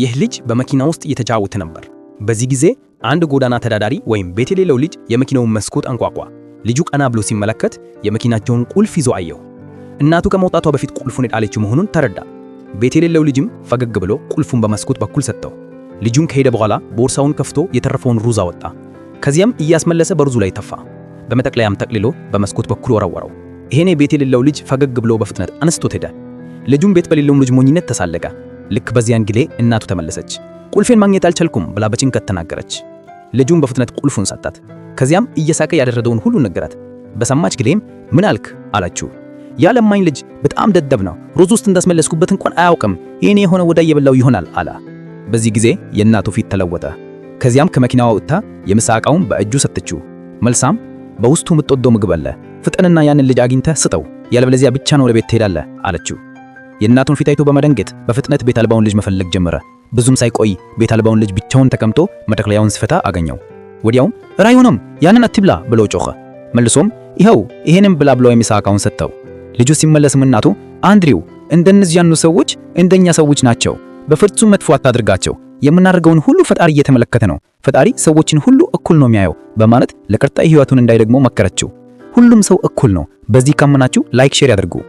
ይህ ልጅ በመኪና ውስጥ እየተጫወተ ነበር። በዚህ ጊዜ አንድ ጎዳና ተዳዳሪ ወይም ቤት የሌለው ልጅ የመኪናውን መስኮት አንቋቋ ልጁ ቀና ብሎ ሲመለከት የመኪናቸውን ቁልፍ ይዞ አየው። እናቱ ከመውጣቷ በፊት ቁልፉን የጣለችው መሆኑን ተረዳ። ቤት የሌለው ልጅም ፈገግ ብሎ ቁልፉን በመስኮት በኩል ሰጠው። ልጁን ከሄደ በኋላ ቦርሳውን ከፍቶ የተረፈውን ሩዝ አወጣ። ከዚያም እያስመለሰ በሩዙ ላይ ተፋ። በመጠቅለያም ጠቅልሎ በመስኮት በኩል ወረወረው። ይሄኔ ቤት የሌለው ልጅ ፈገግ ብሎ በፍጥነት አንስቶት ሄደ። ልጁም ቤት በሌለውም ልጅ ሞኝነት ተሳለቀ። ልክ በዚያን ጊዜ እናቱ ተመለሰች። ቁልፌን ማግኘት አልቻልኩም ብላ በጭንቀት ተናገረች። ልጁም በፍጥነት ቁልፉን ሰጣት። ከዚያም እየሳቀ ያደረገውን ሁሉ ነገራት። በሰማች ጊዜም ምን አልክ አላችሁ። ያ ለማኝ ልጅ በጣም ደደብ ነው። ሮዝ ውስጥ እንዳስመለስኩበት እንኳን አያውቅም። ይህኔ የሆነ ወዳ የበላው ይሆናል አለ በዚህ ጊዜ የእናቱ ፊት ተለወጠ። ከዚያም ከመኪናዋ ወጥታ የምሳ ዕቃውን በእጁ ሰጠችው መልሳም በውስጡ የምትወደው ምግብ አለ፣ ፍጠንና ያንን ልጅ አግኝተህ ስጠው፣ ያለበለዚያ ብቻ ነው ለቤት ትሄዳለህ አለችው። የእናቱን ፊት አይቶ በመደንገጥ በፍጥነት ቤት አልባውን ልጅ መፈለግ ጀመረ። ብዙም ሳይቆይ ቤት አልባውን ልጅ ብቻውን ተቀምጦ መጠቅለያውን ስፈታ አገኘው። ወዲያውም ራይ ሆኖም ያንን አትብላ ብሎ ጮኸ። መልሶም ይኸው ይሄንም ብላ ብሎ የምሳ ዕቃውን ሰጠው። ልጁ ሲመለስም እናቱ አንድሪው እንደነዚህ ያኑ ሰዎች እንደኛ ሰዎች ናቸው፣ በፍጹም መጥፎ አታድርጋቸው፣ የምናደርገውን ሁሉ ፈጣሪ እየተመለከተ ነው፣ ፈጣሪ ሰዎችን ሁሉ እኩል ነው የሚያየው በማለት ለቀጣይ ህይወቱን እንዳይደግሞ መከረችው። ሁሉም ሰው እኩል ነው፣ በዚህ ካመናችሁ ላይክ ሼር ያድርጉ።